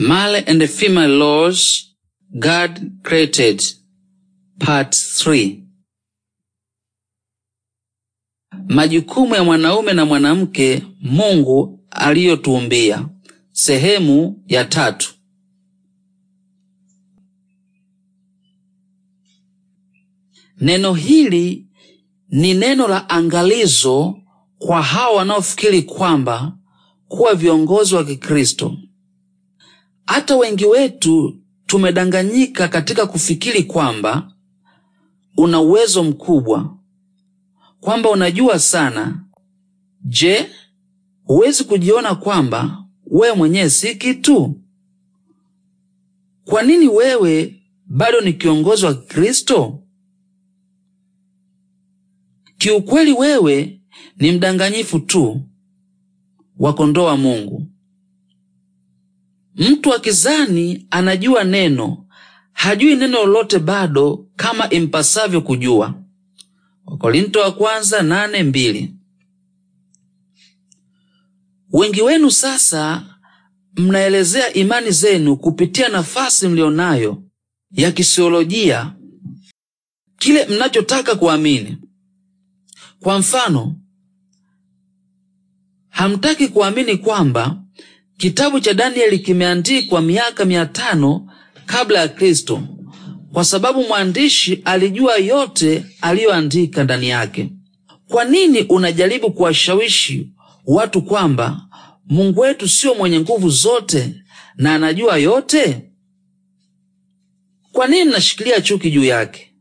Male and female laws God created. Part 3. Majukumu ya mwanaume na mwanamke Mungu aliyotuumbia. Sehemu ya tatu. Neno hili ni neno la angalizo kwa hawa wanaofikiri kwamba kuwa viongozi wa Kikristo hata wengi wetu tumedanganyika katika kufikiri kwamba una uwezo mkubwa, kwamba unajua sana. Je, huwezi kujiona kwamba wewe mwenyewe si kitu? Kwa nini wewe bado ni kiongozi wa Kristo? Kiukweli wewe ni mdanganyifu tu wa kondoo wa Mungu. Mtu akizani anajua neno, hajui neno lolote bado kama impasavyo kujua. Wakorinto wa kwanza nane mbili. Wengi wenu sasa mnaelezea imani zenu kupitia nafasi mlionayo ya kisiolojia, kile mnachotaka kuamini. Kwa mfano, hamtaki kuamini kwamba Kitabu cha Danieli kimeandikwa miaka mia tano kabla ya Kristo, kwa sababu mwandishi alijua yote aliyoandika ndani yake. Kwa nini unajaribu kuwashawishi watu kwamba Mungu wetu siyo mwenye nguvu zote na anajua yote? Kwa nini nashikilia chuki juu yake?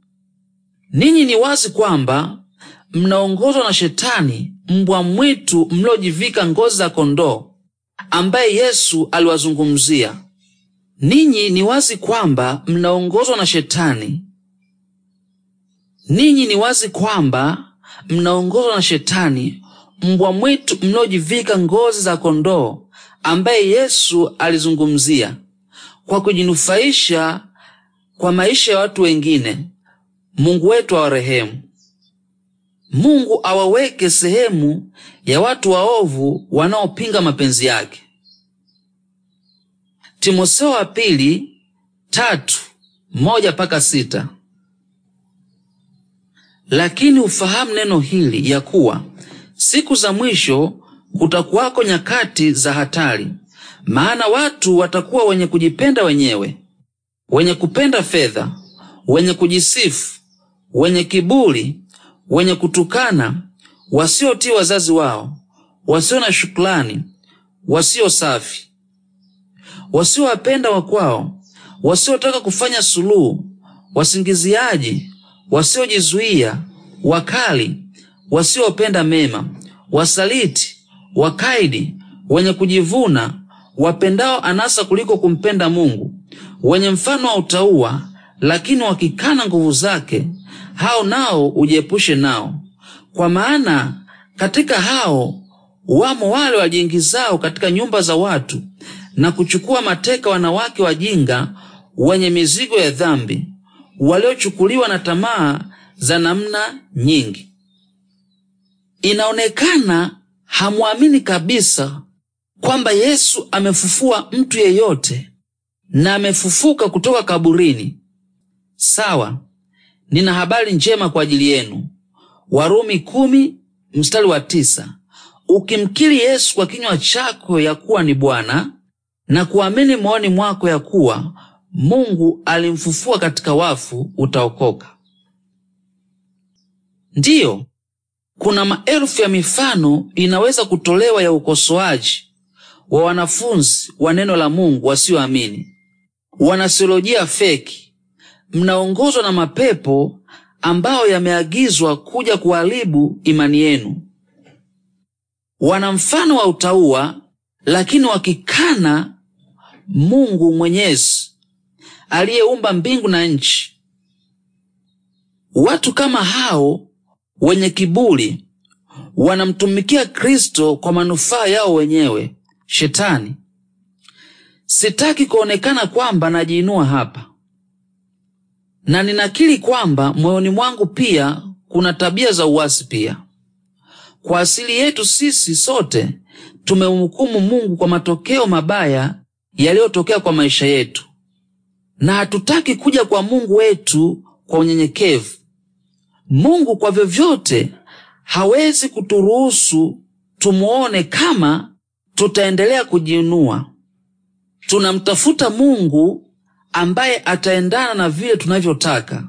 Ninyi ni wazi kwamba mnaongozwa na Shetani, mbwa mwitu mlojivika ngozi za kondoo ambaye Yesu aliwazungumzia. Ninyi ni wazi kwamba mnaongozwa na Shetani, ninyi ni wazi kwamba mnaongozwa na Shetani, mbwa mwitu mnaojivika ngozi za kondoo, ambaye Yesu alizungumzia, kwa kujinufaisha kwa maisha ya watu wengine. Mungu wetu awarehemu. Mungu awaweke sehemu ya watu waovu wanaopinga mapenzi yake. Timotheo wa pili tatu moja mpaka sita. Lakini ufahamu neno hili ya kuwa siku za mwisho kutakuwako nyakati za hatari. Maana watu watakuwa wenye kujipenda wenyewe, wenye kupenda fedha, wenye kujisifu, wenye kiburi wenye kutukana, wasiotii wazazi wao, wasio na shukrani, wasio safi, wasiowapenda wakwao, wasiotaka kufanya suluhu, wasingiziaji, wasiojizuia, wakali, wasiopenda mema, wasaliti, wakaidi, wenye kujivuna, wapendao anasa kuliko kumpenda Mungu, wenye mfano wa utauwa, lakini wakikana nguvu zake hao nao ujiepushe nao, kwa maana katika hao wamo wale wajiingizao katika nyumba za watu na kuchukua mateka wanawake wajinga wenye mizigo ya dhambi, waliochukuliwa na tamaa za namna nyingi. Inaonekana hamwamini kabisa kwamba Yesu amefufua mtu yeyote na amefufuka kutoka kaburini. Sawa, nina habari njema kwa ajili yenu. Warumi kumi mstari wa tisa. Ukimkiri Yesu kwa kinywa chako ya kuwa ni Bwana na kuamini moyoni mwako ya kuwa Mungu alimfufua katika wafu, utaokoka. Ndiyo, kuna maelfu ya mifano inaweza kutolewa ya ukosoaji wa wanafunzi wa neno la Mungu wasioamini, wanasiolojia feki mnaongozwa na mapepo ambayo yameagizwa kuja kuharibu imani yenu. Wana mfano wa utauwa, lakini wakikana Mungu Mwenyezi aliyeumba mbingu na nchi. Watu kama hao wenye kiburi wanamtumikia Kristo kwa manufaa yao wenyewe, Shetani. Sitaki kuonekana kwamba najiinua hapa na ninakiri kwamba moyoni mwangu pia kuna tabia za uwasi pia. Kwa asili yetu sisi sote tumemhukumu Mungu kwa matokeo mabaya yaliyotokea kwa maisha yetu, na hatutaki kuja kwa Mungu wetu kwa unyenyekevu. Mungu kwa vyovyote hawezi kuturuhusu tumuone kama tutaendelea kujiinua. Tunamtafuta Mungu ambaye ataendana na vile tunavyotaka.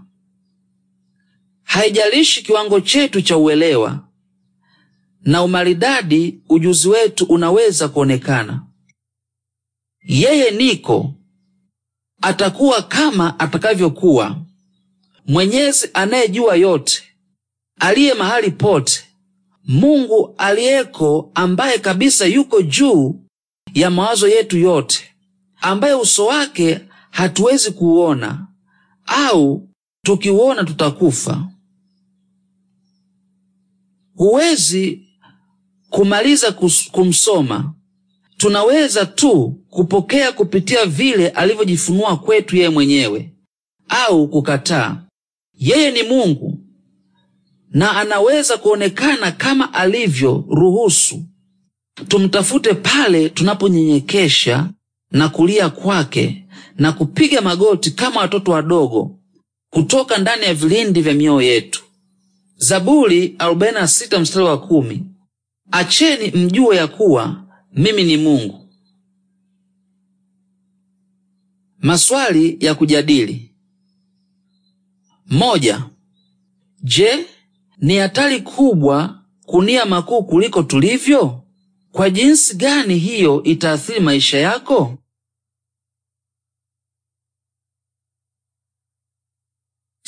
Haijalishi kiwango chetu cha uelewa na umaridadi, ujuzi wetu unaweza kuonekana. Yeye niko atakuwa kama atakavyokuwa. Mwenyezi anayejua yote, aliye mahali pote, Mungu aliyeko, ambaye kabisa yuko juu ya mawazo yetu yote, ambaye uso wake hatuwezi kuona au tukiuona tutakufa. Huwezi kumaliza kumsoma, tunaweza tu kupokea kupitia vile alivyojifunua kwetu yeye mwenyewe au kukataa. Yeye ni Mungu na anaweza kuonekana kama alivyo ruhusu. Tumtafute pale tunaponyenyekesha na kulia kwake na kupiga magoti kama watoto wadogo kutoka ndani ya vilindi vya mioyo yetu. Zaburi 46 mstari wa kumi, acheni mjue ya kuwa mimi ni Mungu. Maswali ya kujadili: moja. Je, ni hatari kubwa kunia makuu kuliko tulivyo? Kwa jinsi gani hiyo itaathiri maisha yako?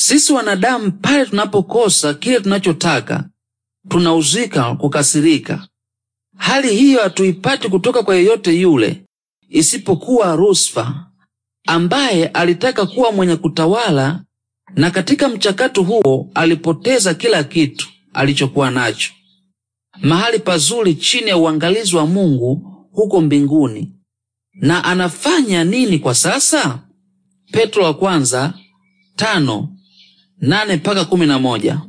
Sisi wanadamu pale tunapokosa kile tunachotaka tunauzika kukasirika. Hali hiyo hatuipati kutoka kwa yeyote yule isipokuwa Rusfa ambaye alitaka kuwa mwenye kutawala, na katika mchakato huo alipoteza kila kitu alichokuwa nacho, mahali pazuri chini ya uangalizi wa Mungu huko mbinguni. Na anafanya nini kwa sasa? Petro wa kwanza tano nane mpaka kumi na moja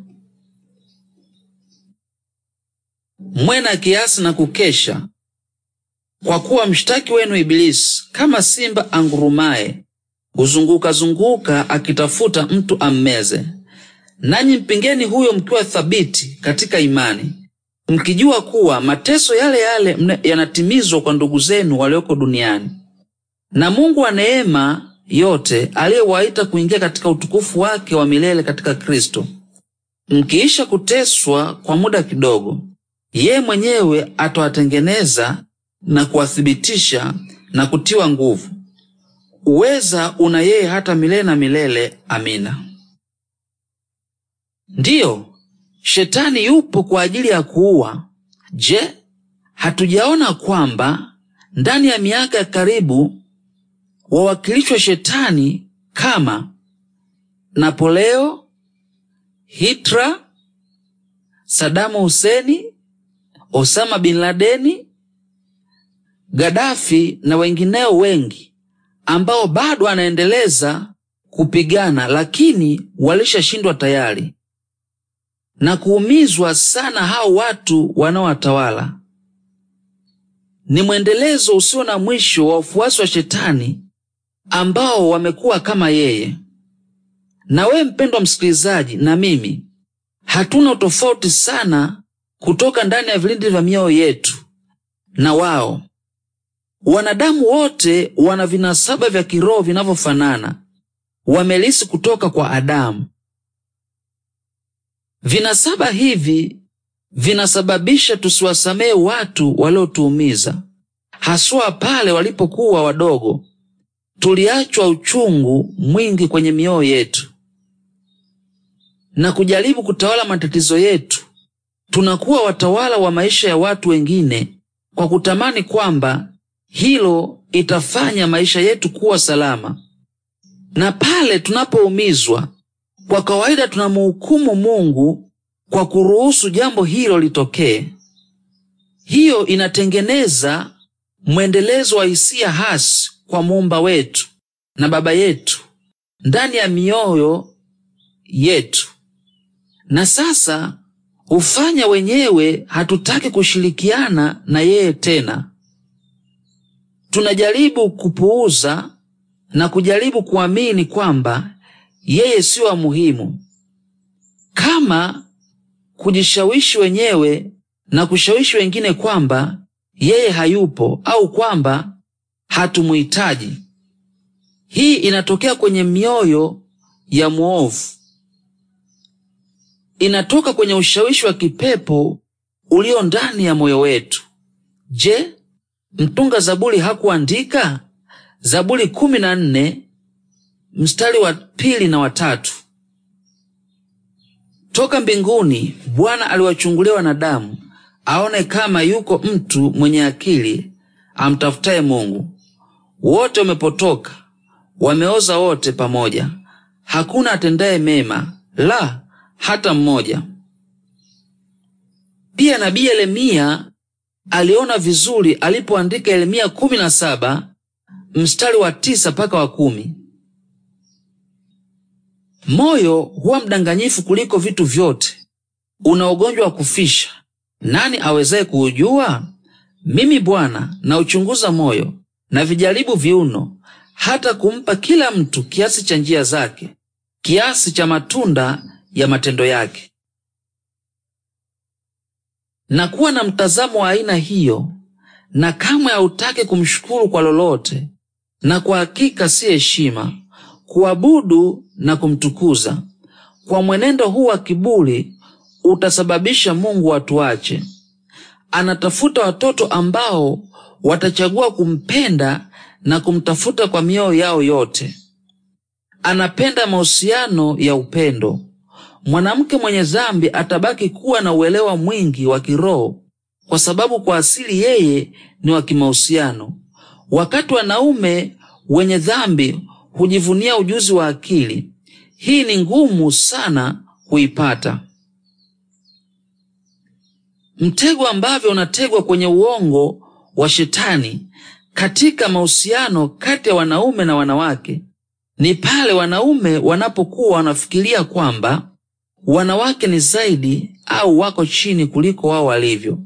mwena kiasi na kukesha, kwa kuwa mshtaki wenu Ibilisi kama simba angurumaye huzunguka zunguka akitafuta mtu ammeze. Nanyi mpingeni huyo mkiwa thabiti katika imani, mkijua kuwa mateso yale yale yanatimizwa kwa ndugu zenu walioko duniani. Na Mungu wa neema yote aliyewaita kuingia katika utukufu wake wa milele katika Kristo. Mkiisha kuteswa kwa muda kidogo, yeye mwenyewe atawatengeneza na kuwathibitisha na kutiwa nguvu. Uweza una yeye hata milele na milele. Amina. Ndiyo, shetani yupo kwa ajili ya kuua. Je, hatujaona kwamba ndani ya miaka ya karibu wawakilishwa shetani kama Napoleo, Hitler, Sadamu Huseni, Osama bin Ladeni, Gaddafi na wengineo wengi ambao bado anaendeleza kupigana, lakini walishashindwa tayari na kuumizwa sana hao watu wanaowatawala. Ni mwendelezo usio na mwisho wa ufuasi wa shetani ambao wamekuwa kama yeye. Na wewe mpendwa msikilizaji, na mimi hatuna tofauti sana kutoka ndani ya vilindi vya mioyo yetu na wao. Wanadamu wote wana vinasaba vya kiroho vinavyofanana, wamelisi kutoka kwa Adamu. Vinasaba hivi vinasababisha tusiwasamehe watu waliotuumiza, haswa pale walipokuwa wadogo tuliachwa uchungu mwingi kwenye mioyo yetu na kujaribu kutawala matatizo yetu. Tunakuwa watawala wa maisha ya watu wengine kwa kutamani kwamba hilo itafanya maisha yetu kuwa salama, na pale tunapoumizwa, kwa kawaida tunamuhukumu Mungu kwa kuruhusu jambo hilo litokee. Hiyo inatengeneza mwendelezo wa hisia hasi kwa muumba wetu na baba yetu ndani ya mioyo yetu, na sasa hufanya wenyewe hatutaki kushirikiana na yeye tena. Tunajaribu kupuuza na kujaribu kuamini kwamba yeye si wa muhimu, kama kujishawishi wenyewe na kushawishi wengine kwamba yeye hayupo au kwamba hatumuhitaji. Hii inatokea kwenye mioyo ya mwovu, inatoka kwenye ushawishi wa kipepo ulio ndani ya moyo wetu. Je, mtunga Zaburi hakuandika Zaburi kumi na nne mstari wa pili na watatu toka mbinguni Bwana aliwachungulia wanadamu aone kama yuko mtu mwenye akili amtafutaye Mungu. Wote wamepotoka, wameoza wote pamoja, hakuna atendaye mema, la hata mmoja. Pia nabii Yeremia aliona vizuri alipoandika Yeremia 17 mstari wa tisa mpaka wa kumi. Moyo huwa mdanganyifu kuliko vitu vyote, una ugonjwa wa kufisha, nani awezaye kuujua? Mimi Bwana nauchunguza moyo, na vijaribu viuno, hata kumpa kila mtu kiasi cha njia zake, kiasi cha matunda ya matendo yake. Na kuwa na mtazamo wa aina hiyo, na kamwe hautake kumshukuru kwa lolote, na kwa hakika si heshima kuabudu na kumtukuza. Kwa mwenendo huu wa kiburi utasababisha Mungu watuache. Anatafuta watoto ambao watachagua kumpenda na kumtafuta kwa mioyo yao yote. Anapenda mahusiano ya upendo. Mwanamke mwenye zambi atabaki kuwa na uelewa mwingi wa kiroho, kwa sababu kwa asili yeye ni wa kimahusiano, wakati wanaume wenye dhambi hujivunia ujuzi wa akili. Hii ni ngumu sana kuipata. Mtego ambavyo unategwa kwenye uongo wa shetani katika mahusiano kati ya wanaume na wanawake ni pale wanaume wanapokuwa wanafikiria kwamba wanawake ni zaidi au wako chini kuliko wao walivyo.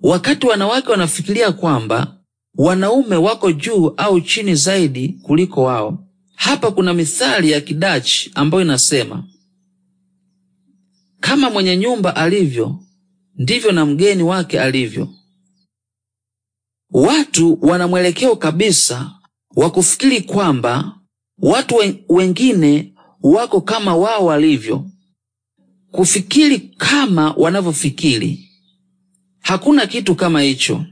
Wakati wanawake wanafikiria kwamba wanaume wako juu au chini zaidi kuliko wao. Hapa kuna mithali ya Kidachi ambayo inasema, kama mwenye nyumba alivyo ndivyo na mgeni wake alivyo. Watu wana mwelekeo kabisa wa kufikiri kwamba watu wengine wako kama wao walivyo, kufikiri kama wanavyofikiri. Hakuna kitu kama hicho.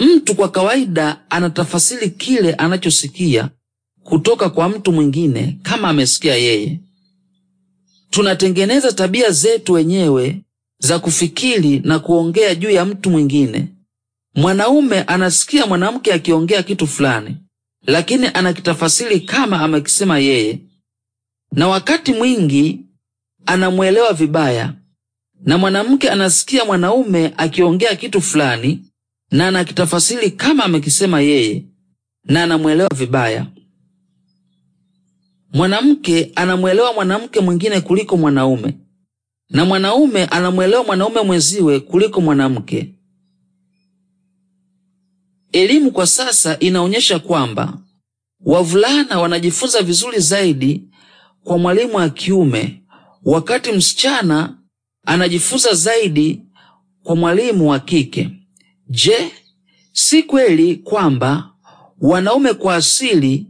Mtu kwa kawaida anatafasiri kile anachosikia kutoka kwa mtu mwingine kama amesikia yeye. Tunatengeneza tabia zetu wenyewe za kufikiri na kuongea juu ya mtu mwingine. Mwanaume anasikia mwanamke akiongea kitu fulani, lakini anakitafasiri kama amekisema yeye, na wakati mwingi anamwelewa vibaya. Na mwanamke anasikia mwanaume akiongea kitu fulani na anakitafasiri kama amekisema yeye, na anamwelewa vibaya. Mwanamke anamwelewa mwanamke mwingine kuliko mwanaume na mwanaume anamwelewa mwanaume mwenziwe kuliko mwanamke. Elimu kwa sasa inaonyesha kwamba wavulana wanajifunza vizuri zaidi kwa mwalimu wa kiume, wakati msichana anajifunza zaidi kwa mwalimu wa kike. Je, si kweli kwamba wanaume kwa asili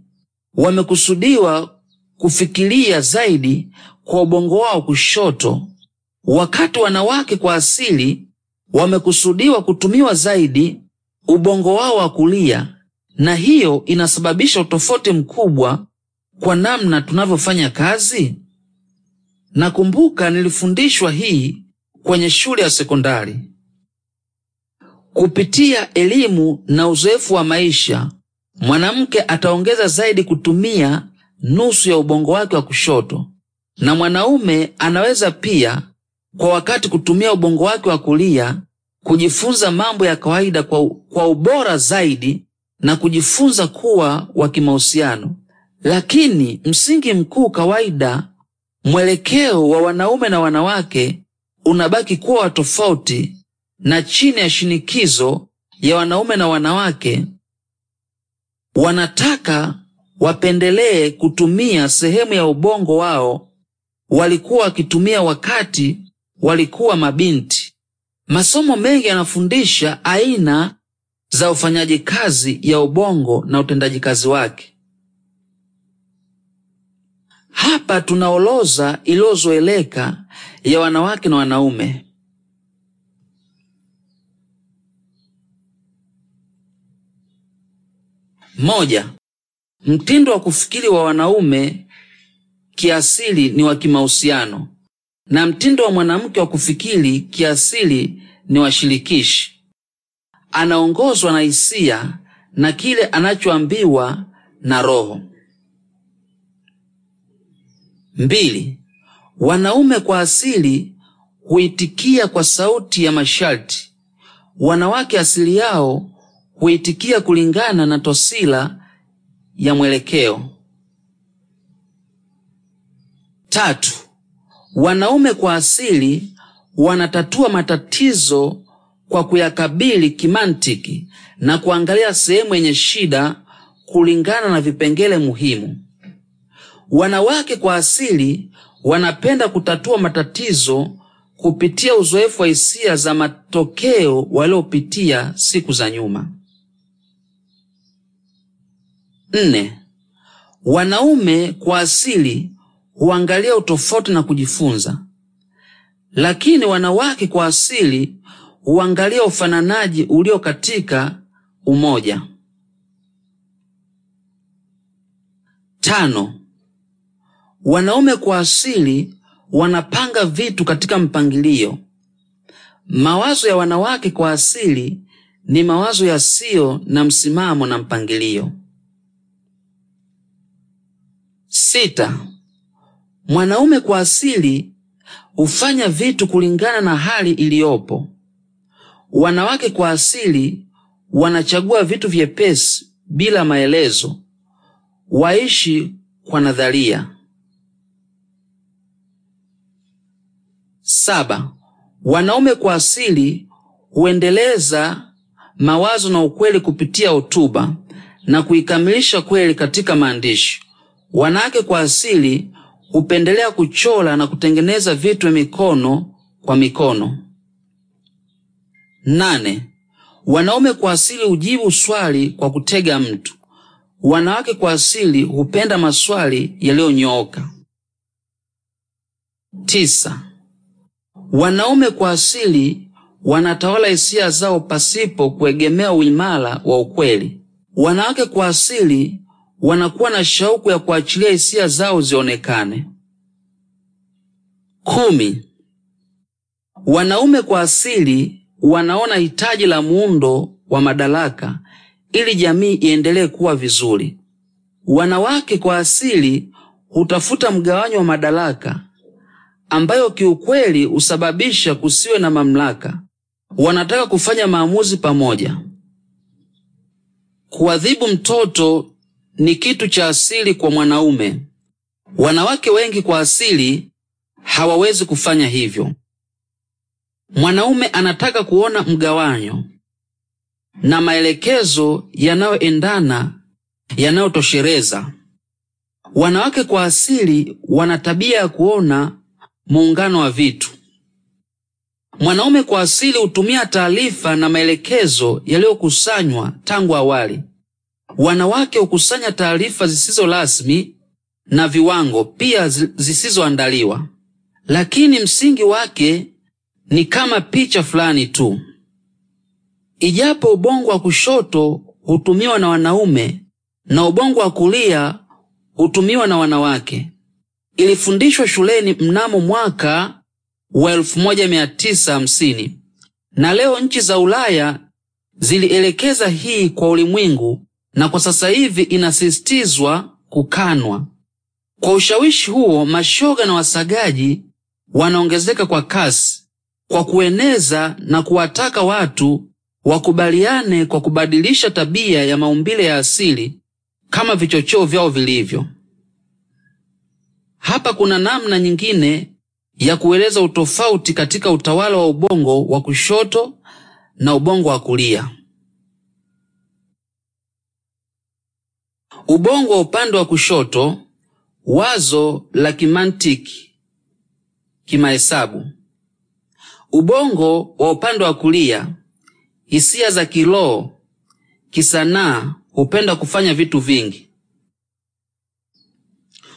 wamekusudiwa kufikiria zaidi kwa ubongo wao kushoto Wakati wanawake kwa asili wamekusudiwa kutumiwa zaidi ubongo wao wa kulia, na hiyo inasababisha utofauti mkubwa kwa namna tunavyofanya kazi. Nakumbuka nilifundishwa hii kwenye shule ya sekondari. Kupitia elimu na uzoefu wa maisha, mwanamke ataongeza zaidi kutumia nusu ya ubongo wake wa kushoto, na mwanaume anaweza pia kwa wakati kutumia ubongo wake wa kulia kujifunza mambo ya kawaida kwa, kwa ubora zaidi na kujifunza kuwa wa kimahusiano. Lakini msingi mkuu kawaida, mwelekeo wa wanaume na wanawake unabaki kuwa wa tofauti, na chini ya shinikizo ya wanaume na wanawake wanataka wapendelee kutumia sehemu ya ubongo wao walikuwa wakitumia wakati walikuwa mabinti. Masomo mengi yanafundisha aina za ufanyaji kazi ya ubongo na utendaji kazi wake. Hapa tuna oloza iliyozoeleka ya wanawake na wanaume. Moja, mtindo wa kufikiri wa wanaume kiasili ni wa kimahusiano na mtindo wa mwanamke wa kufikiri kiasili ni washirikishi. Anaongozwa na hisia na kile anachoambiwa na roho. Mbili, wanaume kwa asili huitikia kwa sauti ya masharti, wanawake asili yao huitikia kulingana na tosila ya mwelekeo. Tatu, Wanaume kwa asili wanatatua matatizo kwa kuyakabili kimantiki na kuangalia sehemu yenye shida kulingana na vipengele muhimu. Wanawake kwa asili wanapenda kutatua matatizo kupitia uzoefu wa hisia za matokeo waliopitia siku za nyuma. Nne, wanaume kwa asili huangalia utofauti na kujifunza, lakini wanawake kwa asili huangalia ufananaji ulio katika umoja. Tano, wanaume kwa asili wanapanga vitu katika mpangilio. Mawazo ya wanawake kwa asili ni mawazo yasiyo na msimamo na mpangilio. Sita, Mwanaume kwa asili hufanya vitu kulingana na hali iliyopo. Wanawake kwa asili wanachagua vitu vyepesi bila maelezo, waishi kwa nadharia. Saba, wanaume kwa asili huendeleza mawazo na ukweli kupitia hotuba na kuikamilisha kweli katika maandishi. Wanawake kwa asili hupendelea kuchola na kutengeneza vitu mikono kwa mikono. Nane, wanaume kwa asili hujibu swali kwa kutega mtu. Wanawake kwa asili hupenda maswali yaliyonyooka. Tisa, wanaume kwa asili wanatawala hisia zao pasipo kuegemea uimara wa ukweli. Wanawake kwa asili wanakuwa na shauku ya kuachilia hisia zao zionekane. Kumi, wanaume kwa asili wanaona hitaji la muundo wa madaraka ili jamii iendelee kuwa vizuri. Wanawake kwa asili hutafuta mgawanyo wa madaraka ambayo kiukweli husababisha kusiwe na mamlaka. Wanataka kufanya maamuzi pamoja. Kuadhibu mtoto ni kitu cha asili kwa mwanaume. Wanawake wengi kwa asili hawawezi kufanya hivyo. Mwanaume anataka kuona mgawanyo na maelekezo yanayoendana, yanayotoshereza. Wanawake kwa asili wana tabia ya kuona muungano wa vitu. Mwanaume kwa asili hutumia taarifa na maelekezo yaliyokusanywa tangu awali. Wanawake hukusanya taarifa zisizo rasmi na viwango pia zisizoandaliwa, lakini msingi wake ni kama picha fulani tu. Ijapo ubongo wa kushoto hutumiwa na wanaume na ubongo wa kulia hutumiwa na wanawake. Ilifundishwa shuleni mnamo mwaka wa 1950 na leo nchi za Ulaya zilielekeza hii kwa ulimwengu na kwa sasa hivi inasisitizwa kukanwa. Kwa ushawishi huo, mashoga na wasagaji wanaongezeka kwa kasi kwa kueneza na kuwataka watu wakubaliane kwa kubadilisha tabia ya maumbile ya asili kama vichocheo vyao vilivyo. Hapa kuna namna nyingine ya kueleza utofauti katika utawala wa ubongo wa kushoto na ubongo wa kulia. ubongo wa upande wa kushoto, wazo la kimantiki, kimahesabu; ubongo wa upande wa kulia, hisia za kiroho, kisanaa, hupenda kufanya vitu vingi;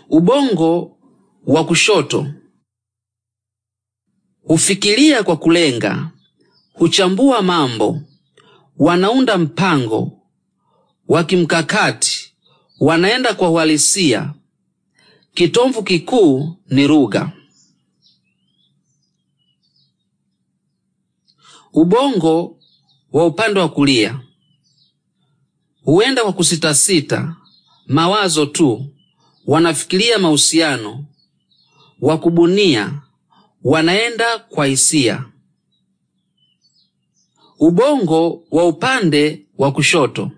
ubongo wa kushoto hufikiria kwa kulenga, huchambua mambo, wanaunda mpango wa kimkakati wanaenda kwa uhalisia. Kitomvu kikuu ni lugha. Ubongo wa upande wa kulia huenda kwa kusitasita mawazo tu, wanafikiria mahusiano, wa kubunia, wanaenda kwa hisia. Ubongo wa upande wa kushoto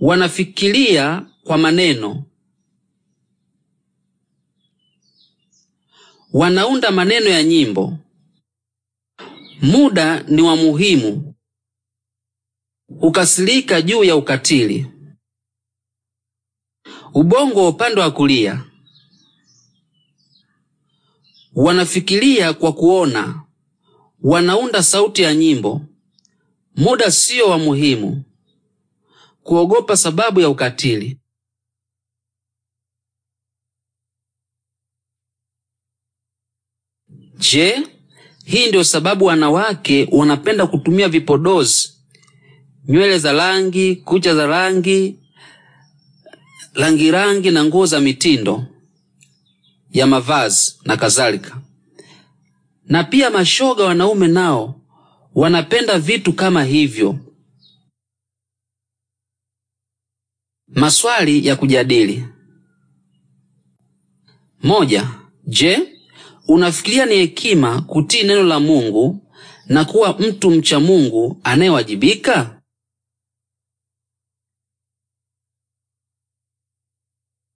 wanafikiria kwa maneno, wanaunda maneno ya nyimbo. Muda ni wa muhimu, hukasirika juu ya ukatili. Ubongo wa upande wa kulia wanafikiria kwa kuona, wanaunda sauti ya nyimbo. Muda siyo wa muhimu, kuogopa sababu ya ukatili. Je, hii ndio sababu wanawake wanapenda kutumia vipodozi, nywele za rangi, kucha za rangi, rangi rangi na nguo za mitindo ya mavazi na kadhalika. Na pia mashoga wanaume nao wanapenda vitu kama hivyo. Maswali ya kujadili. Moja. Je, unafikiria ni hekima kutii neno la Mungu na kuwa mtu mcha Mungu anayewajibika?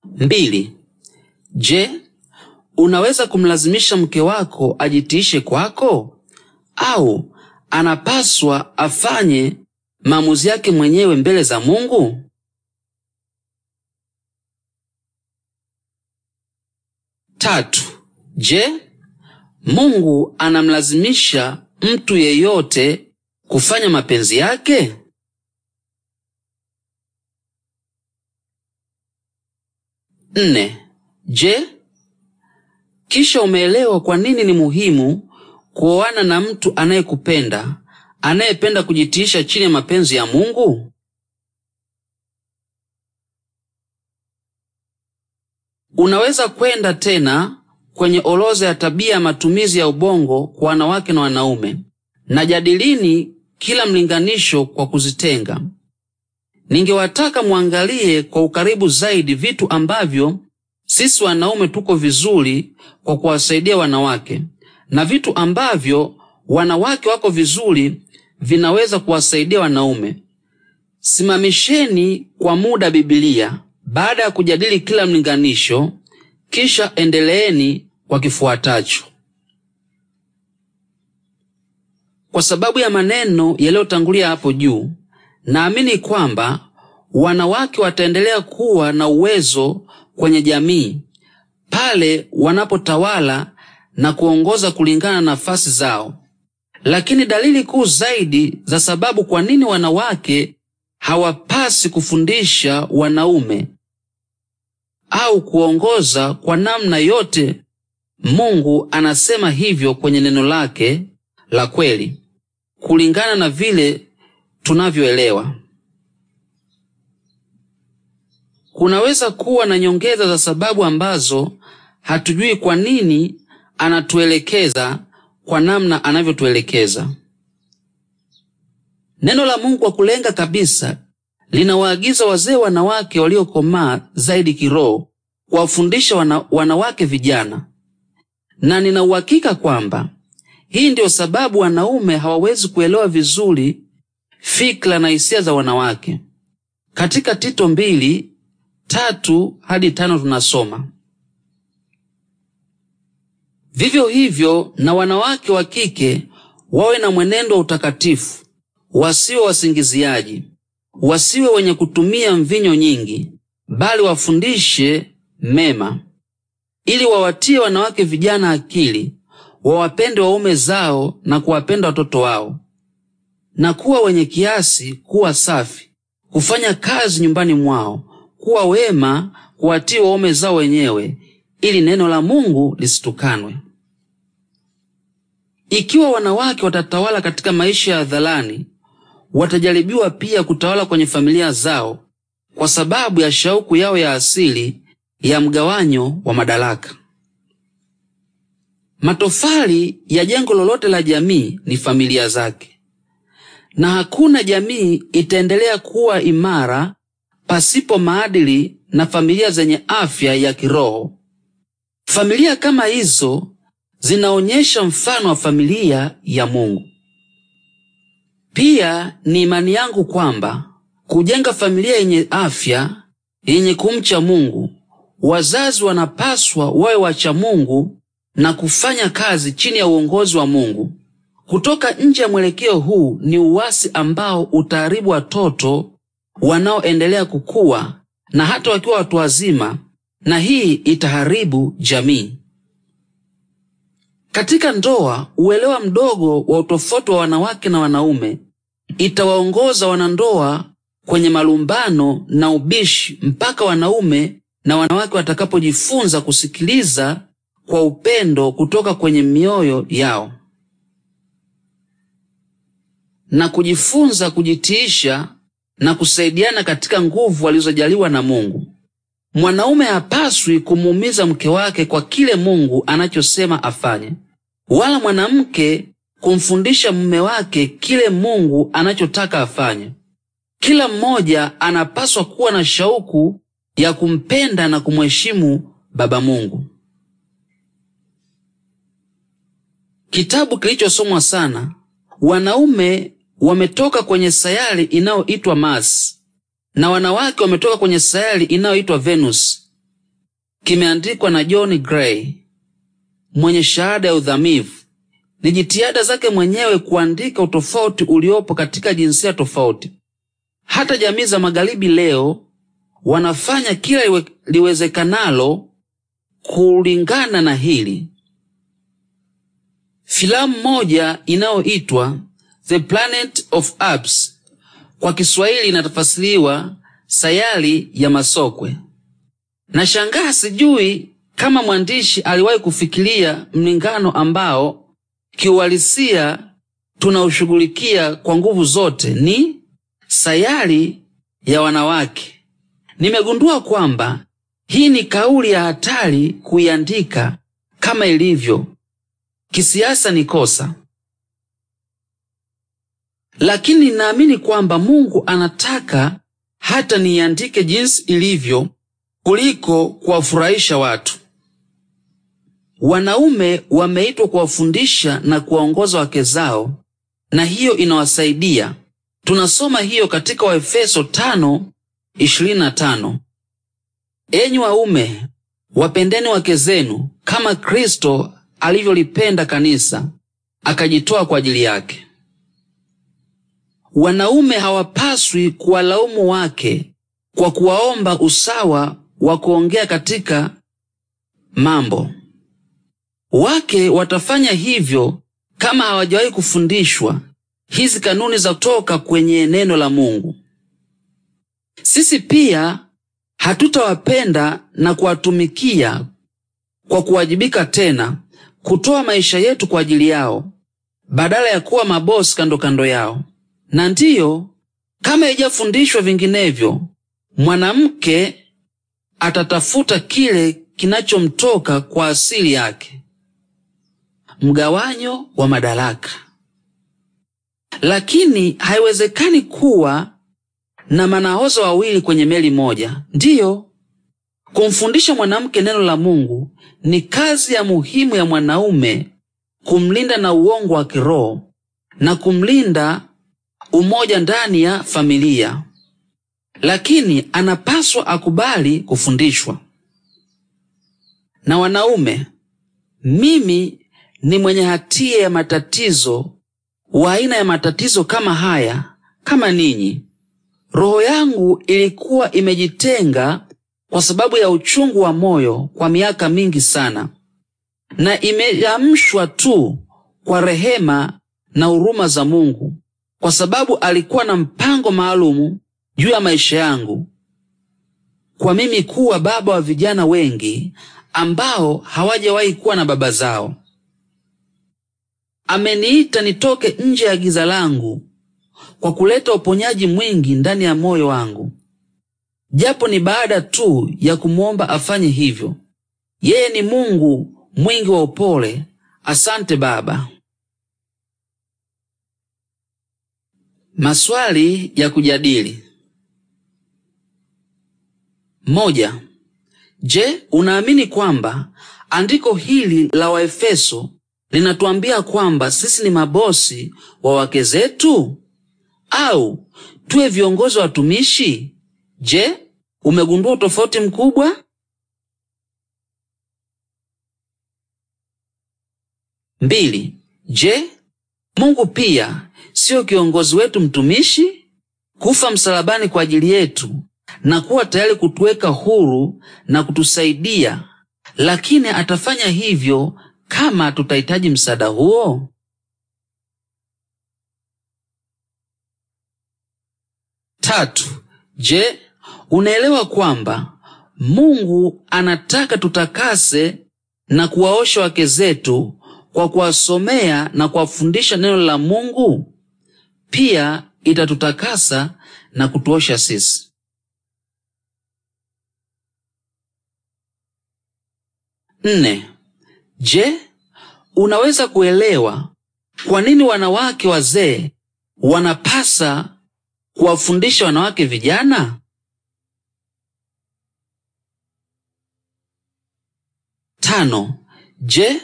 Mbili. Je, unaweza kumlazimisha mke wako ajitiishe kwako au anapaswa afanye maamuzi yake mwenyewe mbele za Mungu? Tatu, je, Mungu anamlazimisha mtu yeyote kufanya mapenzi yake? Nne, je, kisha umeelewa kwa nini ni muhimu kuoana na mtu anayekupenda, anayependa kujitiisha chini ya mapenzi ya Mungu? Unaweza kwenda tena kwenye orodha ya tabia ya matumizi ya ubongo kwa wanawake na wanaume, na jadilini kila mlinganisho kwa kuzitenga. Ningewataka mwangalie kwa ukaribu zaidi vitu ambavyo sisi wanaume tuko vizuri kwa kuwasaidia wanawake na vitu ambavyo wanawake wako vizuri vinaweza kuwasaidia wanaume. Simamisheni kwa muda Biblia baada ya kujadili kila mlinganisho, kisha endeleeni kwa kifuatacho. Kwa sababu ya maneno yaliyotangulia hapo juu, naamini kwamba wanawake wataendelea kuwa na uwezo kwenye jamii pale wanapotawala na kuongoza kulingana na nafasi zao. Lakini dalili kuu zaidi za sababu kwa nini wanawake hawapasi kufundisha wanaume au kuongoza kwa namna yote. Mungu anasema hivyo kwenye neno lake la kweli, kulingana na vile tunavyoelewa. Kunaweza kuwa na nyongeza za sababu ambazo hatujui kwa nini anatuelekeza kwa namna anavyotuelekeza. Neno la Mungu kwa kulenga kabisa linawaagiza wazee wanawake waliokomaa zaidi kiroho kuwafundisha wana, wanawake vijana, na nina uhakika kwamba hii ndiyo sababu wanaume hawawezi kuelewa vizuri fikra na hisia za wanawake. Katika Tito mbili tatu hadi tano tunasoma vivyo hivyo, na wanawake wa kike wawe na mwenendo wa utakatifu, wasiwo wasingiziaji, wasiwe wenye kutumia mvinyo nyingi, bali wafundishe mema, ili wawatie wanawake vijana akili, wawapende waume zao na kuwapenda watoto wao, na kuwa wenye kiasi, kuwa safi, kufanya kazi nyumbani mwao, kuwa wema, kuwatii waume zao wenyewe, ili neno la Mungu lisitukanwe. Ikiwa wanawake watatawala katika maisha ya hadharani watajaribiwa pia kutawala kwenye familia zao kwa sababu ya shauku yao ya asili ya mgawanyo wa madaraka. Matofali ya jengo lolote la jamii ni familia zake, na hakuna jamii itaendelea kuwa imara pasipo maadili na familia zenye afya ya kiroho. Familia kama hizo zinaonyesha mfano wa familia ya Mungu. Pia ni imani yangu kwamba kujenga familia yenye afya yenye kumcha Mungu, wazazi wanapaswa wawe wacha Mungu na kufanya kazi chini ya uongozi wa Mungu. Kutoka nje ya mwelekeo huu ni uwasi ambao utaharibu watoto wanaoendelea kukua na hata wakiwa watu wazima, na hii itaharibu jamii. Katika ndoa, uelewa mdogo wa utofauti wa wanawake na wanaume itawaongoza wanandoa kwenye malumbano na ubishi mpaka wanaume na wanawake watakapojifunza kusikiliza kwa upendo kutoka kwenye mioyo yao na kujifunza kujitiisha na kusaidiana katika nguvu walizojaliwa na Mungu. Mwanaume hapaswi kumuumiza mke wake kwa kile Mungu anachosema afanye, wala mwanamke kumfundisha mume wake kile Mungu anachotaka afanye. Kila mmoja anapaswa kuwa na shauku ya kumpenda na kumheshimu Baba Mungu. Kitabu kilichosomwa sana. Wanaume wametoka kwenye sayari inayoitwa Mars na wanawake wametoka kwenye sayari inayoitwa Venus. Kimeandikwa na John Gray mwenye shahada ya udhamivu. Ni jitihada zake mwenyewe kuandika utofauti uliopo katika jinsia tofauti. Hata jamii za magharibi leo wanafanya kila liwe, liwezekanalo kulingana na hili. Filamu moja inayoitwa The Planet of Apes kwa Kiswahili inatafasiriwa sayari ya masokwe. Nashangaa, sijui kama mwandishi aliwahi kufikiria mlingano ambao kiuhalisia tunaushughulikia kwa nguvu zote, ni sayari ya wanawake. Nimegundua kwamba hii ni kauli ya hatari kuiandika kama ilivyo. Kisiasa ni kosa lakini naamini kwamba Mungu anataka hata niandike jinsi ilivyo kuliko kuwafurahisha watu. Wanaume wameitwa kuwafundisha na kuwaongoza wake zao, na hiyo inawasaidia. Tunasoma hiyo katika Waefeso 5:25, enyi waume wapendeni wake zenu kama Kristo alivyolipenda kanisa akajitoa kwa ajili yake wanaume hawapaswi kuwalaumu wake kwa kuwaomba usawa wa kuongea katika mambo. Wake watafanya hivyo kama hawajawahi kufundishwa hizi kanuni za kutoka kwenye neno la Mungu. Sisi pia hatutawapenda na kuwatumikia kwa kuwajibika tena kutoa maisha yetu kwa ajili yao badala ya kuwa mabosi kando kando yao na ndiyo, kama ijafundishwa vinginevyo, mwanamke atatafuta kile kinachomtoka kwa asili yake. Mgawanyo wa madaraka. Lakini haiwezekani kuwa na manahoza wawili kwenye meli moja. Ndiyo, kumfundisha mwanamke neno la Mungu ni kazi ya muhimu ya mwanaume kumlinda na uongo wa kiroho na kumlinda umoja ndani ya familia, lakini anapaswa akubali kufundishwa. Na wanaume, mimi ni mwenye hatia ya matatizo wa aina ya matatizo kama haya kama ninyi. Roho yangu ilikuwa imejitenga kwa sababu ya uchungu wa moyo kwa miaka mingi sana, na imeamshwa tu kwa rehema na huruma za Mungu kwa sababu alikuwa na mpango maalumu juu ya maisha yangu kwa mimi kuwa baba wa vijana wengi ambao hawajawahi kuwa na baba zao. Ameniita nitoke nje ya giza langu kwa kuleta uponyaji mwingi ndani ya moyo wangu, japo ni baada tu ya kumwomba afanye hivyo. Yeye ni Mungu mwingi wa upole. Asante Baba. Maswali ya kujadili. Moja. Je, unaamini kwamba andiko hili la Waefeso linatuambia kwamba sisi ni mabosi wa wake zetu au tuwe viongozi wa watumishi? Je, umegundua utofauti mkubwa? Mbili. Je, Mungu pia sio kiongozi wetu mtumishi, kufa msalabani kwa ajili yetu na kuwa tayari kutuweka huru na kutusaidia, lakini atafanya hivyo kama tutahitaji msaada huo. Tatu, je, unaelewa kwamba Mungu anataka tutakase na kuwaosha wake zetu kwa kuwasomea na kuwafundisha neno la Mungu? pia itatutakasa na kutuosha sisi. Nne. Je, unaweza kuelewa kwa nini wanawake wazee wanapasa kuwafundisha wanawake vijana? Tano. Je,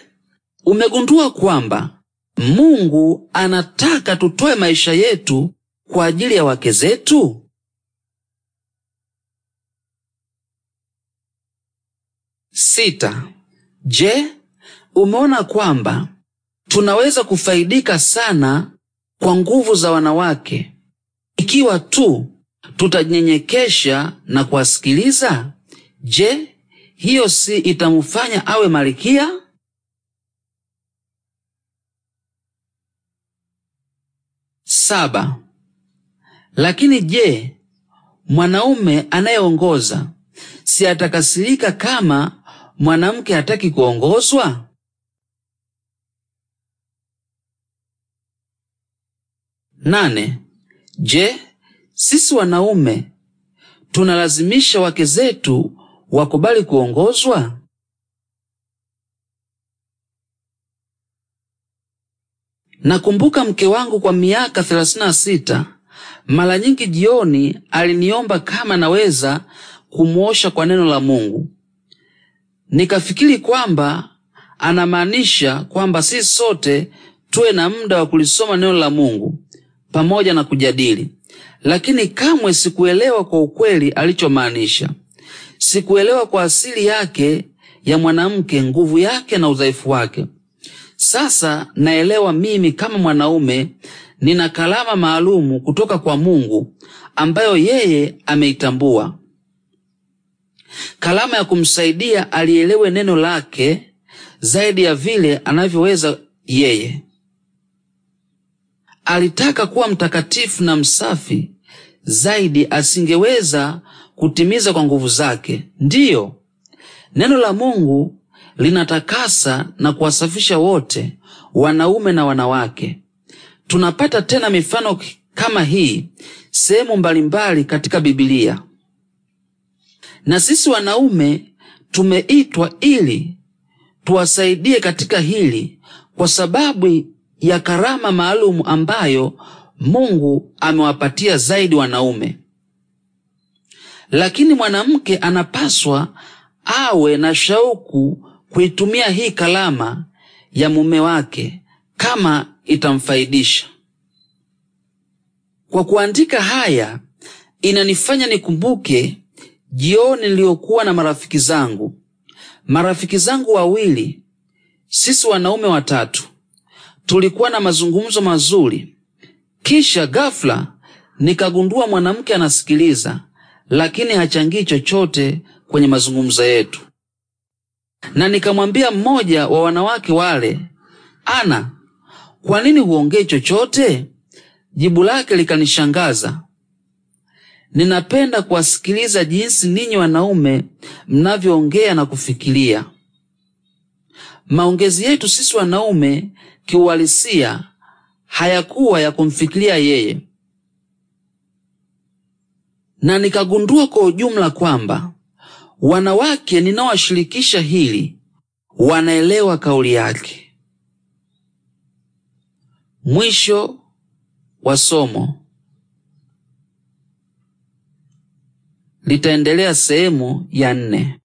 umegundua kwamba Mungu anataka tutoe maisha yetu kwa ajili ya wake zetu? Sita. Je, umeona kwamba tunaweza kufaidika sana kwa nguvu za wanawake ikiwa tu tutajinyenyekesha na kuwasikiliza? Je, hiyo si itamufanya awe malikia? saba. Lakini je, mwanaume anayeongoza si atakasirika kama mwanamke hataki kuongozwa? Nane. Je, sisi wanaume tunalazimisha wake zetu wakubali kuongozwa? Nakumbuka mke wangu kwa miaka 36 mara nyingi jioni aliniomba kama naweza kumwosha kwa neno la Mungu. Nikafikiri kwamba anamaanisha kwamba si sote tuwe na muda wa kulisoma neno la Mungu pamoja na kujadili, lakini kamwe sikuelewa kwa ukweli alichomaanisha. Sikuelewa kwa asili yake ya mwanamke, nguvu yake na udhaifu wake. Sasa naelewa mimi kama mwanaume nina kalama maalumu kutoka kwa Mungu ambayo yeye ameitambua, kalama ya kumsaidia alielewe neno lake zaidi ya vile anavyoweza yeye. Alitaka kuwa mtakatifu na msafi zaidi asingeweza kutimiza kwa nguvu zake. Ndiyo, neno la Mungu linatakasa na kuwasafisha wote, wanaume na wanawake. Tunapata tena mifano kama hii sehemu mbalimbali katika Bibilia. Na sisi wanaume tumeitwa ili tuwasaidie katika hili kwa sababu ya karama maalumu ambayo Mungu amewapatia zaidi wanaume. Lakini mwanamke anapaswa awe na shauku kuitumia hii kalama ya mume wake kama itamfaidisha. Kwa kuandika haya, inanifanya nikumbuke jioni niliyokuwa na marafiki zangu, marafiki zangu wawili, sisi wanaume watatu, tulikuwa na mazungumzo mazuri, kisha ghafla nikagundua mwanamke anasikiliza, lakini hachangii chochote kwenye mazungumzo yetu na nikamwambia mmoja wa wanawake wale, Ana, kwa nini huongei chochote? Jibu lake likanishangaza. Ninapenda kuwasikiliza jinsi ninyi wanaume mnavyoongea na kufikiria. Maongezi yetu sisi wanaume kiuhalisia hayakuwa ya kumfikiria yeye, na nikagundua kwa ujumla kwamba wanawake ninaowashirikisha hili wanaelewa kauli yake. Mwisho wa somo litaendelea sehemu ya nne.